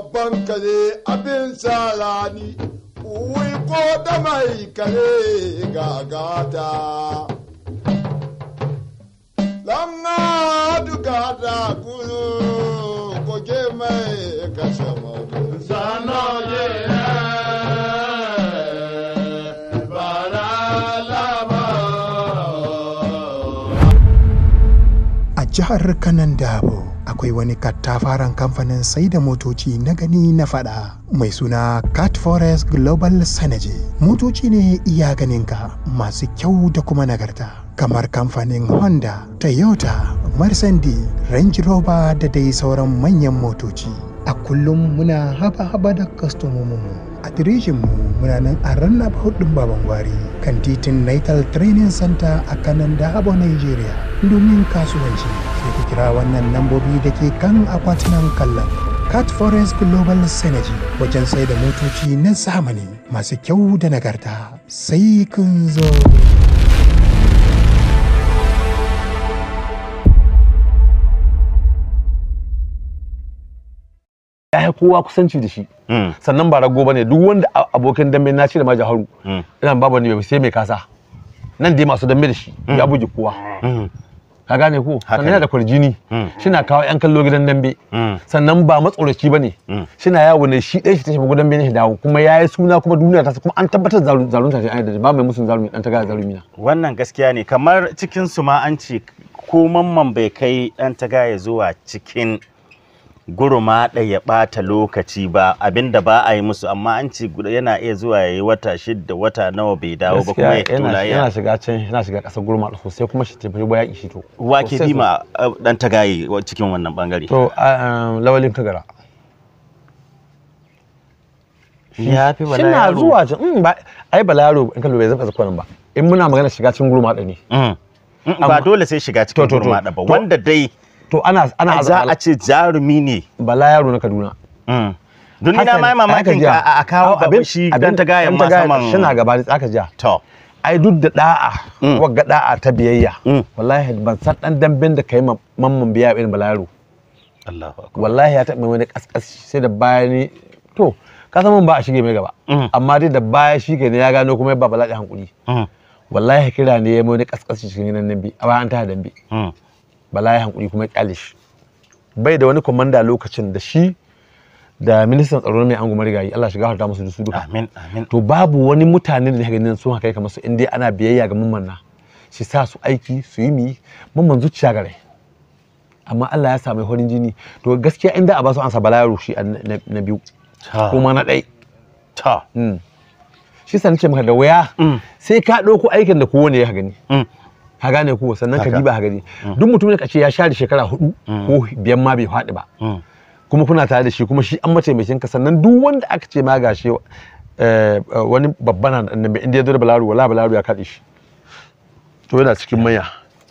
babban kare abin sarani uwi ko da mai kare gagata lamma duka da kuru koke mai kashe mabu sanoye jihar kanan dabo akwai wani kattafaren kamfanin sai da motoci na gani na fada mai suna cat forest global synergy motoci ne iya ganinka masu kyau da kuma nagarta kamar kamfanin honda toyota mercedes range rover da dai sauran manyan motoci a kullum muna haba-haba da kastomominmu a mu muna nan a ranar hudun baban gwari kan titin natal training center a kanan da nigeria domin kasuwanci sai kira wannan lambobi da ke kan akwatunan kallon cat forest global synergy wajen sai da motoci na zamani masu kyau da nagarta sai kun zo ya kowa kusanci da shi hmm. sannan ba rago ne duk wanda abokin dambe na ce da ma haru hmm. ina babu ne sai mai kasa nan dai masu dambe da shi ya hmm. buge kowa ka gane ko sannan yana da kwarjini mm. shina kawo yan kallo gidan dambe mm. sannan ba matsoraci ba ne mm. shina yawo ne shi ɗaya shi ta shiga gidan dambe shi dawo kuma yayi suna kuma duniya ta kuma an tabbatar zalunta shi ai da ba mai musun zalumi dan ta ga zalumi na wannan gaskiya ne kamar cikin su ma an ce ko mamman bai kai dan ta ga zuwa cikin guruma da ya ɓata lokaci ba abinda ba a yi musu amma an ce yana iya zuwa ya yi wata shidda wata nawa bai dawo ba kuma ya fito yana shiga can yana shiga ƙasar guruma sosai kuma shi tafi ba ya ishi to uh, wa ke bi ma dan tagaye cikin wannan bangare to uh, um, lawalin kagara ya fi bala yaro zuwa in mm, ba ai bala yaro in kallo bai zama zakon ba in muna magana shiga cikin guruma da ne mm, mm, ba dole sai shiga cikin guruma da ba wanda dai to ana ana za a ce jarumi ne bala yaro na Kaduna mm. don ni na mai mamakin ka a kawo abin shi dan ta gayan ma saman shina gaba da tsaka ja to ai duk da da'a mm. wagga da'a ta biyayya mm. wallahi ban san dan damben da kai mamman biya irin bala yaro Allahu akbar wallahi ya taɓa wani kaskas sai da bayani to ka san mun ba a shige mai gaba amma dai da baya shi ne ya gano kuma ba Bala da hankuri wallahi kira ne ya mai wani kaskas shi ne nan bi a bayan ta dambe bala ya hankuri kuma ya kyale shi bai da wani komanda lokacin da shi da ministan tsaro mai angon marigayi Allah ga harta musu su duka amin amin to babu wani mutane da ganin sun haka kamar su inda ana biyayya ga mamman na shi sa su aiki su yi mi mamman zuciya gare amma Allah ya sami mai horin jini to gaskiya inda a ba su ansa bala ya shi na biyu kuma na ɗai ta hmm. shi sani ce maka da waya hmm. sai ka ɗauko aikin da kowane ya gani hmm. ka gane ko sannan ka diba ka gani mm. duk mutumin da kace ya share shekara hudu mm. ko biyan ma bai faɗi ba mm. kuma kuna tare da shi kuma shi an mataimakin ka sannan duk wanda aka ce ma gashe eh, eh, wani babban annabi inda ya zo da balaru wala balaru ya kaɗe shi to yana cikin maya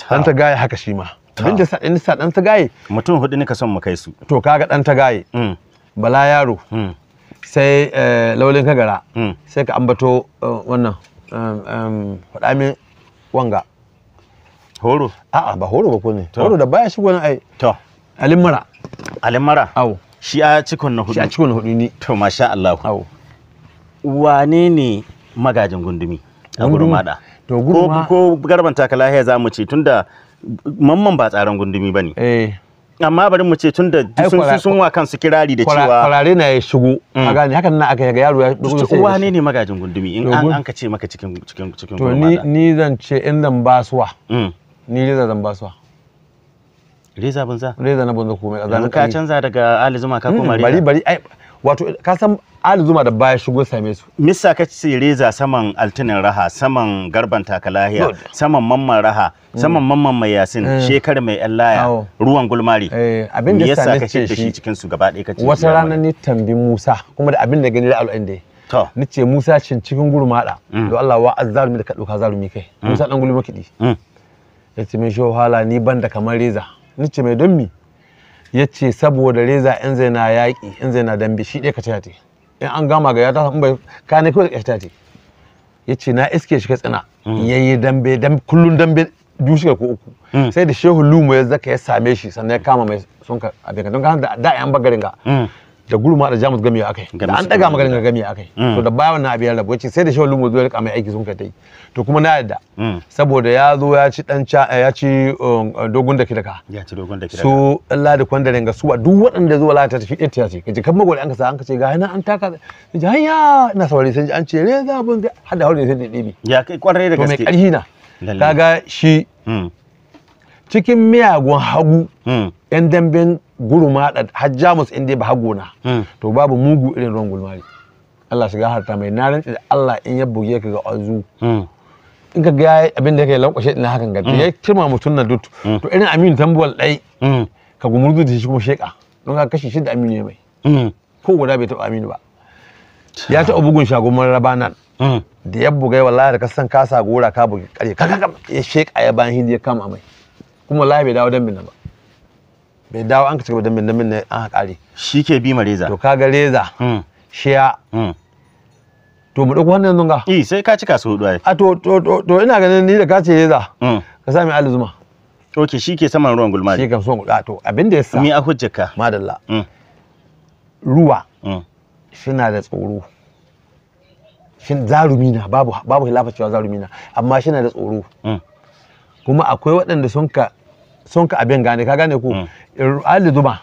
dan ta gaya haka shi ma abin da sa dan ta gaye mutum hudu ne ka son mu kai su to kaga dan ta gaye bala yaro sai eh, laulin kagara sai ka ambato wannan faɗa min wanga horo a'a ba horo ba ko ne horo da baya shigo nan ai to alin mara alin mara awo shi a cikon na hudu shi a cikon na hudu ni to masha Allah awo wane ne magajin gundumi a gurmada to gurma ko garban takala ya za mu ce tunda mamman ba tsaron gundumi bane eh amma bari mu ce tun da sun sun wa kansu kirari da cewa kwarare na ya shigo mm. a gane hakan na aka ga yaro ya dubo sai uwa ne ne magajin gundumi in an ka ce maka cikin cikin cikin to ni ni zan ce in zan basuwa ni reza zan ba su reza za? reza na za komai kaza ka canza daga ali zuma ka koma mm, reza bari bari ai wato ka san ali zuma da baya shigo same su missa ka ce reza saman altinin raha saman garban takalahiya saman mamman raha mm. saman mamman mai yasin mm. shekar mai yan laya ruwan gulmari eh, abin da sa ka ce shi cikin su gaba ɗaya ka ce wata rana ni tambi musa kuma da abin da gani da al'ain da To. Ni ce Musa cin cikin gurmaɗa. Do Allah wa azzalumi da ka ɗauka zalumi kai. Musa ɗan gulma kiɗi. ya ce mai shohala ni ban da kamar reza ni ce mai don mi ya ce saboda reza in zai na yaƙi in zai na dambe shi ɗaya ka ci in an gama ga ya ta bai ka ne kawai ka ci ya ce na iske shi ka tsina mm. ya yi dambe kullum dambe biyu shiga ko uku mm. sai da shehu lumo ya zaka ya same shi sannan ya kama mai sunka ka abin ka don ka da yan bagarin ga mm. da gulma da jamus gamiya akai da an daga magarin ga gamiya akai to da bayan wannan abin ya rabu ya ce sai da shehu lumo ya kama mai aiki sunka ka yi to kuma na yadda mm. saboda ya zo ya ci dan um, ya ci dogon da kidaka ya ci dogon da kidaka su Allah da kwanda ringa su duk waɗanda zuwa la ta tafi ɗaya ce kaje kan magori an ka sa an ka ce ga nan an taka ji hayya ina saurari sai an ce re za bun hada hore sai da dibi ya kai kwarai da gaske to mai ƙarfi na kaga shi mm. cikin miyagun hagu mm. yan damben guruma da hajjamus inda ba na to babu mugu irin ruwan gulmari Allah shiga harta mai narin Allah in ya buge ka ga azu in ka ga abin da yake lankwashe ina hakan ga ya kirma mutum na dutu. to irin aminu tambuwal dai mm. ka gumurzu da shi kuma sheka don ka kashe shi da aminu ya mai mm. ko guda bai taba aminu ba ya taɓa bugun shagon mararaba nan mm. da ya bugai wallahi da kasan kasa gora ka bugi kare kaka ya sheka ya bayan hindi ya kama mai kuma wallahi bai dawo dambin nan ba bai dawo an ka cigaba dambin dambin nan an haƙari shi ke bi ma reza to kaga reza shiya to mu dauko wannan zunga eh sai ka cika su hudu a to to to ina ganin ni da ka ce za mm. ka sami alzuma ok shi ke saman ruwan gulma shi kan son guda to abin da yasa mi a hujjarka madalla mm. ruwa mm. shina da tsoro shin zarumi na babu babu hilafa cewa zarumi na amma shina da tsoro kuma akwai waɗanda sun ka sun ka abin gane ka gane ko ali zuma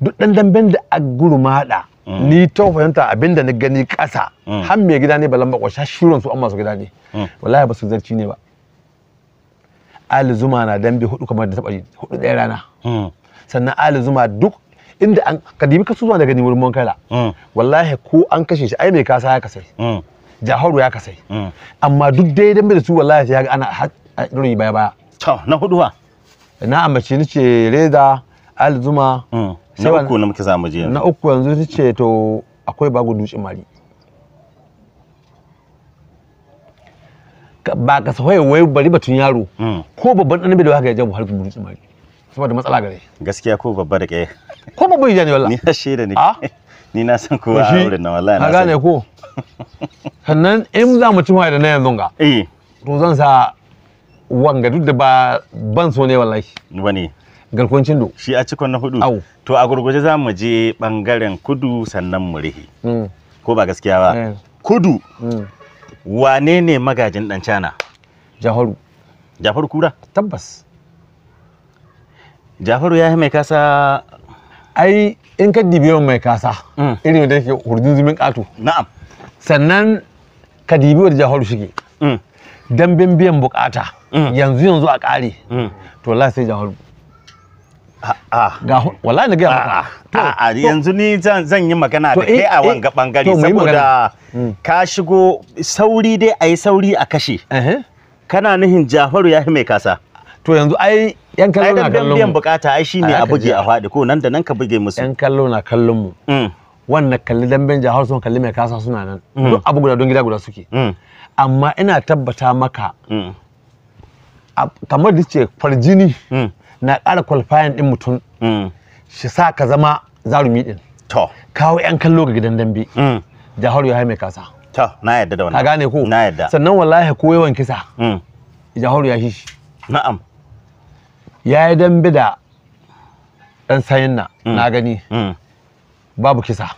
duk dan damben da a gurmada Mm. ni ta fahimta abinda na gani kasa. Mm. har mai gida ne balan bakwa shashuran su an masu gida ne mm. wallahi ba su zarci ne ba ali zuma na dambe hudu kamar da taba hudu ɗaya rana sannan ali zuma duk inda an kadibi ka zuwa daga nimurin mankala wallahi ko an kashe shi ai mai kasa ya kasai jaharu ya kasai amma duk dai dambe da su wallahi sai ya ga ana ɗori baya baya to na hudu wa na amince ni ce reza ali zuma na uku na muke samu je na uku yanzu tace to akwai bago dutse mari ba ka hoye wai bari batun yaro hmm. ko babban dan bai da haka ya jabu har dutse mari saboda matsala gare gaskiya ko babba da kai ko ma ya ne wallahi ni hashe da ni ni na san ko aure na wallahi na gane ko sannan in za mu ci mai da na yanzu ga eh to zan sa wanga duk da ba ban so ne wallahi wani garkuwan do shi a cikon na hudu Au. to a gurguje za mu je bangaren kudu sannan mu rihi mm. ko ba gaskiya ba mm. kudu mm. wane ne magajin dan cana jafaru jafaru kura tabbas jafaru ya yi mai kasa ai in ka dibi yawan mai kasa hmm. irin da yake hurdun zumin kato na'am sannan ka dibi wa jafaru shige hmm. dambin biyan bukata hmm. yanzu yanzu a kare to la sai jafaru ga wallahi na ga maka a yanzu ni zan yi magana da kai eh, a eh, wanga bangare saboda mm. ka shigo sauri dai a yi sauri a kashe kana nihin Jafaru ya mai kasa to yanzu ai yan kallo na kallon mu biyan bukata ai shine a buge a faɗi ko nan da nan ka buge musu yan kallo na kallon mu mm. wannan kalli damben jahar sun kalli mai kasa suna nan mm. duk abu guda don gida guda suke amma ina tabbata maka kamar da ce farjini na ƙara kwalfayan ɗin mutum mm. shi sa ka zama zarumi ɗin kawo 'yan kallo ga gidan dambe mm. jaharu ya mai kasa na yadda da wannan ka gane ko na yadda sannan wallahi ko yawan kisa mm. jaharu ya shi shi na'am ya yi dambe da ɗan sayin na na gani babu kisa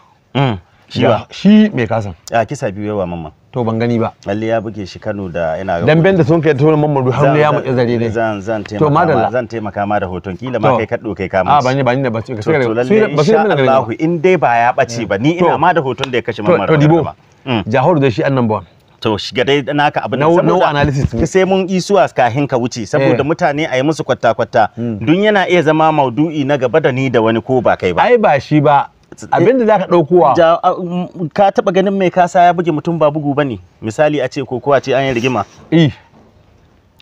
shi ba shi mai kasan ya kisa biyu yawa mamman to ban gani ba lalle ya buke shi Kano da yana ga dan benda sun kai tona mamman ruhan hannu ya mutse zare ne zan zan taimaka ma zan taimaka ma da hoton kila ma kai ka doke ka mu a bani da ba ni da ba to lalle insha in dai ba ya bace ba ni ina ma da hoton da ya kashe mamman to dibo mm. jahoru da shi annan ba to shiga dai naka abin nan no analysis ne sai mun isuwa kahin ka wuce saboda eh. mutane a yi musu kwatta-kwatta mm. dun yana iya zama maudu'i na gaba da ni da wani ko ba kai ba ai ba shi ba abinda zaka daukowa um, ka taɓa ganin mai kasa ya buge mutum ba bugu bane misali a ce kokowa ce an yi rigima eh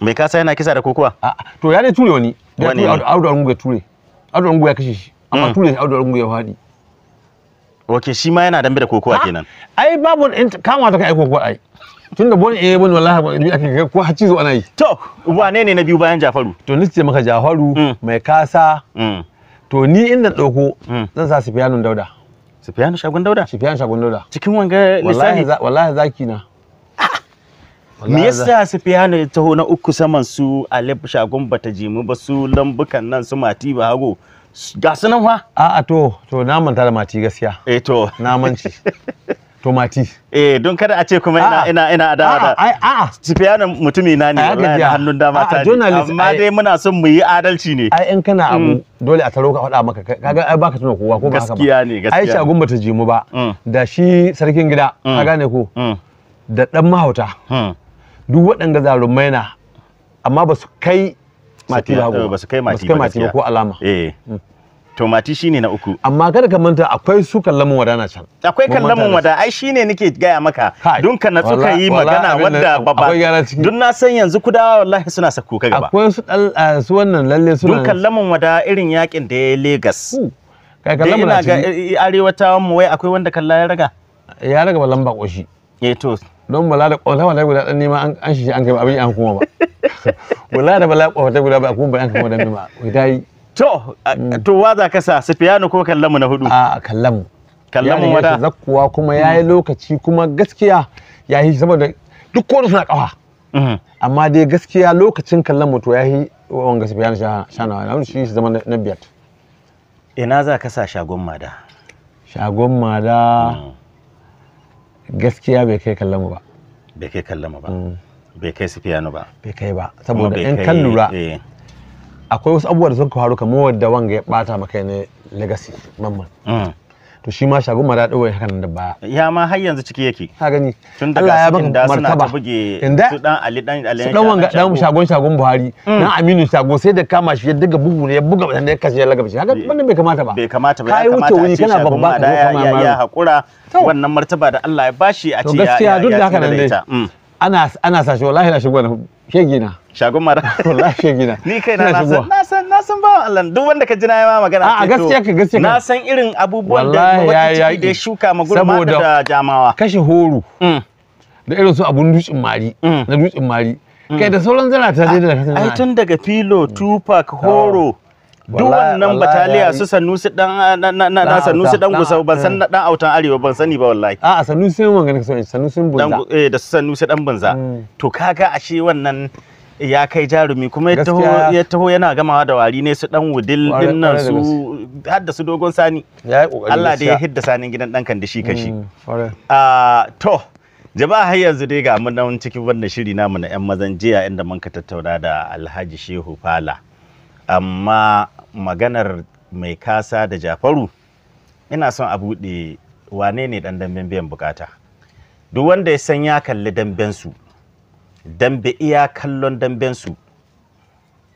mai kasa yana kisa da kokowa to ya ne ture wani ya ture audu arungu ya ture audu arungu ya kashe shi amma hmm. ture shi audu arungu ya fadi Ok shi ma yana dambe da kokowa ah, kenan. Ai babu kama ta kai kokowa ai. Tun da bone eh bone wallahi ba ni ake ko haci ana yi. To wane ne na biyu bayan Jafaru? To ni ce maka Jafaru hmm. mai kasa. Hmm. to ni inda ɗauko mm. zan sa Sufiyanu Dauda Sifiyanu Shagun Dauda Sifiyanu Shagun Dauda cikin wanga lissafi wallahi zaki na me yasa sifiyanu ya taho na uku saman su Alif Shagun bata jimu ba su lambukan nan su Mati ba hago ga su nan fa a'a to to na manta da Mati gaskiya eh to na manci tomati eh don kada a ce kuma ina ina ina da da a'a Sufiyanu mutumi na ne wallahi hannun dama ta ne amma dai muna son mu yi adalci ne ai in kana abu mm. dole a taro ka faɗa maka kaga ai baka tuna kowa ko ba haka ba gaskiya ne gaskiya Aisha gumba ta ji mu ba mm. da shi sarkin gida ka mm. gane ko da dan mahauta duk waɗanda zarumai na amma ba su kai mati ba ba su kai mati ba ko alama eh tomati shine na uku amma kada ka manta akwai su kallamin wada na can akwai kallamin wada ai shine nake gaya maka dun na natsu ka yi magana wadda baba dun na san yanzu kudawa wallahi suna sako ka gaba akwai su ah, su wannan lalle suna dun kallamin wada irin yakin da ya Lagos kai kallamin na ga arewatawan mu wai akwai wanda kalla ya raga ya raga ba lamba koshi eh to don bala da kwalama da guda dan nema an shi an kai abin an kuma ba wala da bala kwalama da guda ba kuma ba an kuma dan nema dai To, mm. to wa za ka sa Sufiyanu ko Kallamu na hudu? A'a Kallamu. Kallamu wata. Zakkuwa kuma ya yi mm. lokaci kuma gaskiya ya yi saboda duk kowane suna kawa. Mm-hmm. Amma dai gaskiya lokacin Kallamu to ya yi wanga Sufiyanu shanawa na shi zama na biyar. Ina za ka sa shagon mada? Shagon mada mm. gaskiya bai kai Kallamu ba. Bai kai Kallamu ba. Bai kai Sufiyanu ba. Bai kai ba. Saboda in kan lura. Eh. akwai wasu abubuwa da sun faru kamar wadda wanga ya bata maka ne legacy mamman mm. to shi ma shagun mara dawo hakan da ba ya ma har yanzu ciki yake ka gani tun daga Allah ya baka martaba buge su dan Ali dan Ali su dan wanga dan shagon shagon Buhari dan mm. Aminu shago sai da kama shi ya daga bugu ne ya buga dan ya kashe ya laga shi hakan wannan bai kamata ba bai kamata ba kai wuce wuni kana babba da ya ya hakura wannan martaba da Allah ya bashi a ce ya gaskiya duk da haka nan dai mm. ana ana sashi wallahi na shigo na shegina shagon mara wallahi gina ni kai na san na san na san ba Allah duk wanda ka ji na yawa magana a gaskiya ka gaskiya na san irin abubuwan da mawaki da shuka magurma da jamawa kashe horo mm. da irin su abun dutsin mari mm. na dutsin mari mm. kai da sauran zara ta dai da ka ai tun daga filo tupac horo duk wannan bataliya su sanusi dan ah, na sanusi dan gusau ban san eh. dan autan arewa ban sani ba wallahi a'a sanusi mun ganin sanusi bunza eh da sanusi dan bunza to kaga ashe wannan ya kai jarumi kuma ya taho yana gamawa da wari ne su dan wudil din nan su hadda su dogon sani Allah da ya hidda sanin gidan dan kan da shi kashi mm, a ah, to jama'a har yanzu dai ga mun nan cikin wannan shiri namu na yan mazan jiya inda mun ka tattauna da Alhaji Shehu Fala amma maganar mai kasa da Jafaru ina son a bude wane ne dan damben biyan bukata duk wanda ya san ya kalli damben su dambe iya kallon dambensu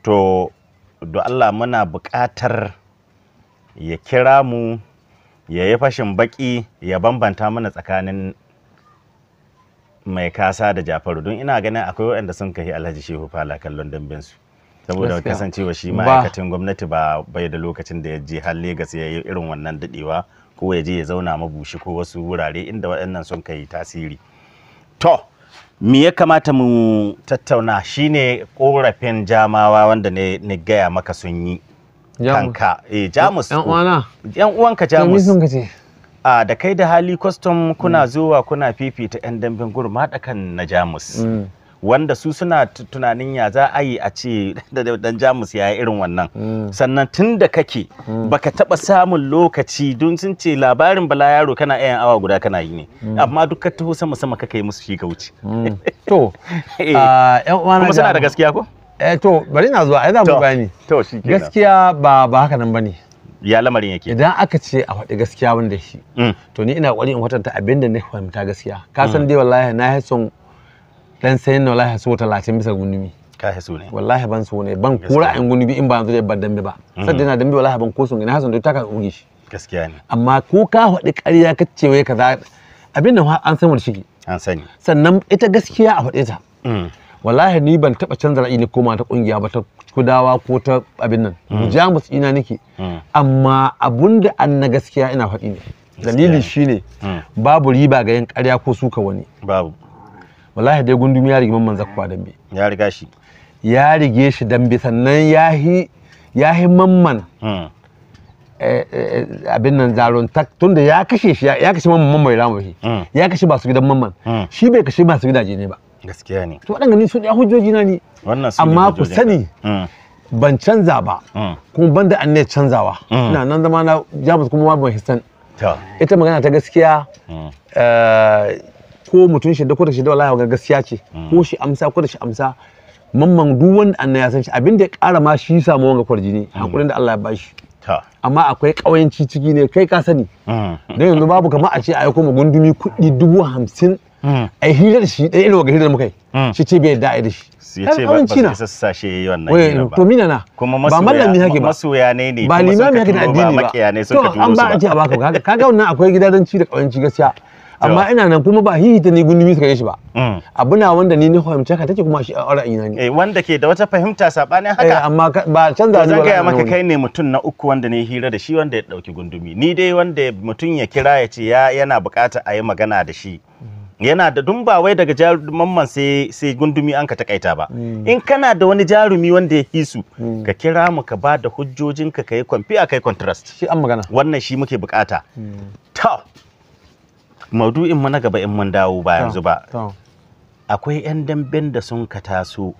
to do Allah muna buƙatar ya kira mu ya yi fashin baƙi ya bambanta mana tsakanin mai kasa da jafaru don ina ganin akwai waɗanda sun kai alhaji shehu fala kallon dambensu saboda kasancewa shi ma'aikacin gwamnati ba bai da lokacin da ya je har Legas ya yi irin wannan dadewa ko ya je ya zauna mabushi ko wasu wurare inda waɗannan sun kai tasiri to me ya kamata mu tattauna shine korafin jamawa wanda ne ni gaya maka sun yi kanka eh jamus yan uwana yan uwanka jamus sun a ah, da kai da hali custom kuna mm. zuwa kuna fifita yan dambin gurma da kan na jamus mm. wanda su suna tunanin ya za a yi a ce dan jamus ya irin wannan hmm. sannan tun da kake hmm. baka taba samun lokaci don sun ce labarin bala yaro kana yan awa guda kana yi ne hmm. amma duk ka taho sama sama kaka yi musu shi ka wuce to eh. a ah, uwa kuma suna da gaskiya ko eh to bari na zuwa ai za mu bayani to gaskiya ba ba haka nan bane ya lamarin yake idan aka ce a faɗi gaskiya wanda shi to ni ina ƙwari in kwatanta abin da na fahimta gaskiya ka san dai wallahi na son dan sai na wallahi so 30 bisa gunumi. ka haso ne wallahi ban so ne ban kura in gunubi in ba yanzu da ban dambe ba mm-hmm. sadda na dambe wallahi ban koso ina hasan da ta ka uge shi gaskiya ne amma ko ka faɗi ƙarya ka ce wai kaza abin nan an san wani shi an sani sannan ita gaskiya a faɗe ta mm. wallahi ni ban taba canza ra'ayi ni koma ta kungiya ba ta kudawa ko ta abin nan mm. jamus ina nake mm. amma abunda an na gaskiya ina faɗi ne dalili shine babu riba ga yin ƙarya ko suka wani babu wallahi dai gundumi ya rigi mamman zakuwa mm. dambe ya riga shi ya rige shi dambe sannan ya hi ya hi mamman mm. eh, eh, eh, abin nan zaron tak tunda ya kashe shi ya kashe mamman mamman ramu shi mm. ya kashe masu gidan mamman shi bai kashe masu gidaje ne ba gaskiya ne to waɗanda ni su ya hujjoji na ni amma ku sani ban canza ba kuma banda an ne canzawa ina nan zama na jamus kuma ma ban hisan ita magana ta gaskiya ko mutum shida ko shi shida wallahi ga gaskiya ce ko shi amsa ko da shi amsa mamman duk wanda an ya san shi abin da ya kara ma shi samu wanga ne hakurin da Allah ya bashi amma akwai kawayanci ciki ne kai ka sani mm. dan yanzu babu kamar a ce a yi kuma gundumi kuɗi dubu hamsin mm. a yi hirar shi ɗaya irin ga hirar mukai mm. shi ce bai da'a da shi ya ce ba su isa shi wannan hirar ba to mina na ba mallami hake ba masoya ne ne ba limami hake da addini ba to an ba a ce a baka kaga wannan akwai da gaskiya amma ina nan kuma ba hihita ni gundumi suka yi shi ba mm. abu na wanda ni na fahimce ka take kuma shi a ra'ayi na ne eh, wanda ke da wata fahimta sabanin haka eh, amma ba canza ne ba zan maka kai ne mutum na uku wanda ne hira da shi wanda ya dauki gundumi ni dai wanda mutum ya kira ya ce yana bukata a yi magana da shi mm. yana da dun ba wai daga jaruman sai sai gundumi an ka takaita ba mm. in kana da wani jarumi wanda ya hisu ka kira mu ka ba da hujjojinka ka yi kwamfi a kai contrast shi an magana wannan shi muke bukata to maudu'in mu na gaba in mun dawo ba yanzu ba akwai 'yan damben da sun ka taso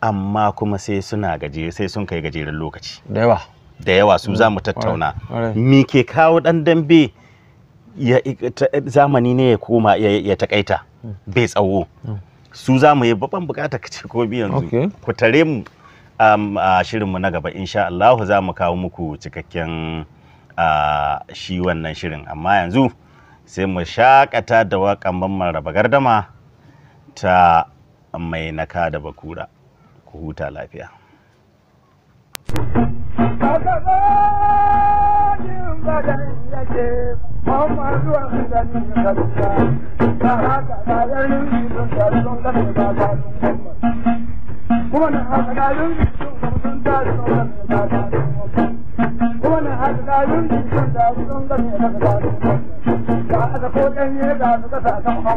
amma kuma sai suna gaje sai sun kai gajeren lokaci da yawa da yawa su za mu tattauna me ke kawo dan dambe zamani ne ya koma ya takaita mm. bai tsawo mm. su za mu yi babban bukata ka ce ko yanzu ku tare mu um, a shirinmu na gaba insha Allah za mu kawo muku cikakken shi wannan shirin amma yanzu sai mu shakata da waƙan mamman raba gardama ta mai naka da bakura ku huta lafiya kuma na haka da yin da da da 昨天也讲，这个山上好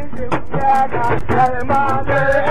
Mother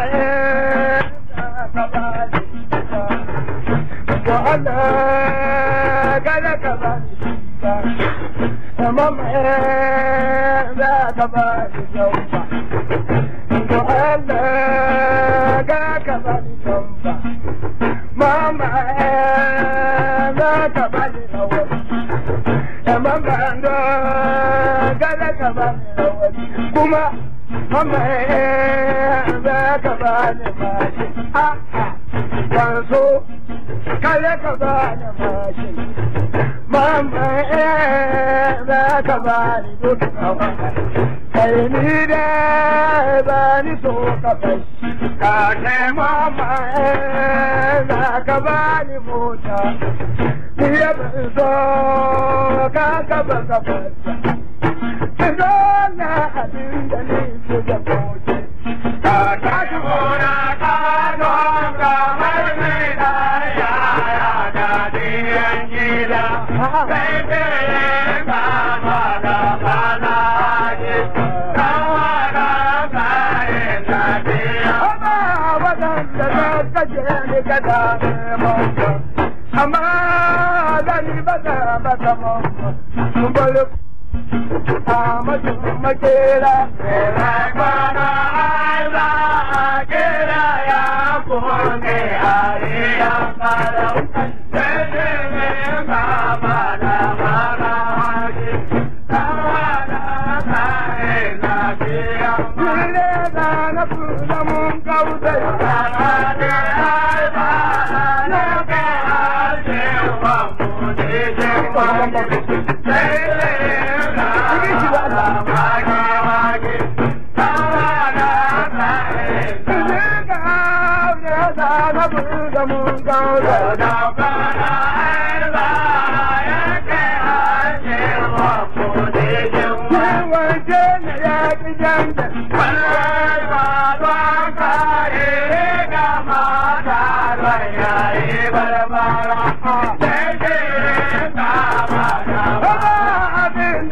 a'a yanzu kare ka bani da mama eh za ka da duk I'm a Muhammadu Makera.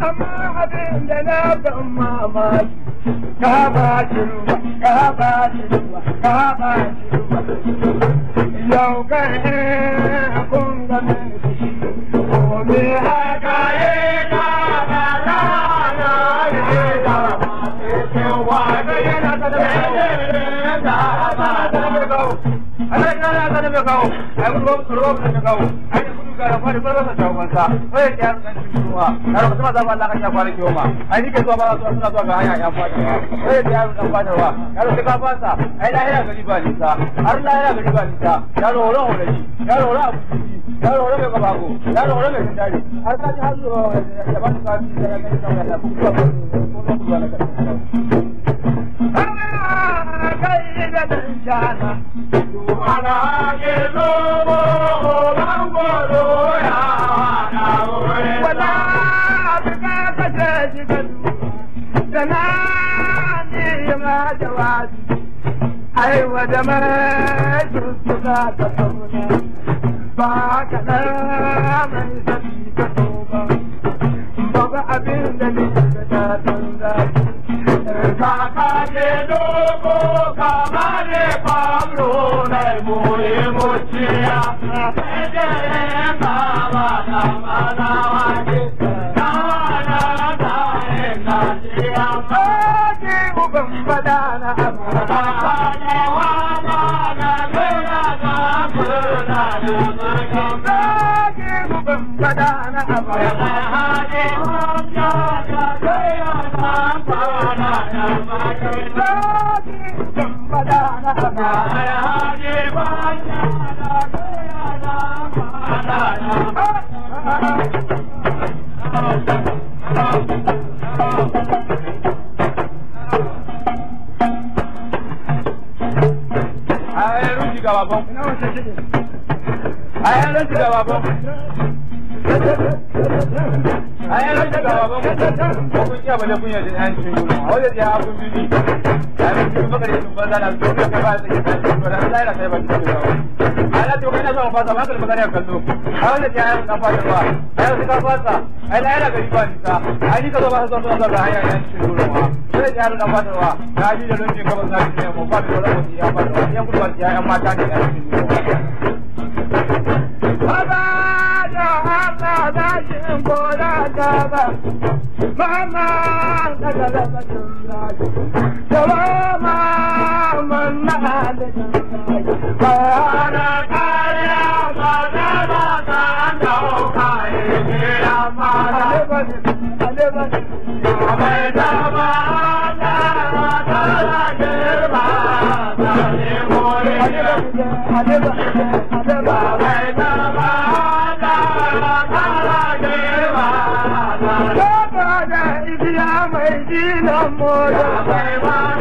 amma abin da na ban mamaki ka ba shi ruwa ka ba shi ruwa ka ba shi ruwa yau ka kun ga mai shi ko me haka yake ka ai kuma kurwa ka kawo ai kudu ga rafa da barasa ta ya kan ba sama zama Allah kan ai ba ga ya da yaro kan wa yaro sai ka fasa ai lahira gari ba nisa har lahira gari ba nisa yaro horon horani yaro horon abuci yaro horon mai ka ji ba ka ji ka كيد الإنسان وانا كذوبه وانقلوا يا ناوي ولا أبقى فساجدا زماني ما جواد أيوة دمرت الصلاة تطولنا باك أنا من سبيك توبة بابا أبين دليل بدات الله Yeah. Allah to kana son ba ka da magana kallo har da ya yi kafa da ba ai sai ka fasa ai lai da gari ba ni ta ai ka zo ba so so ga haya ya ci duro ma sai ya yi kafa da ba da shi da lokacin ka ba za ki ne mu ba da wani ya ba da ya gudu ya mata ne ya ci duro jin bora man, mama da da da man, jawa mama na da man, da पोइ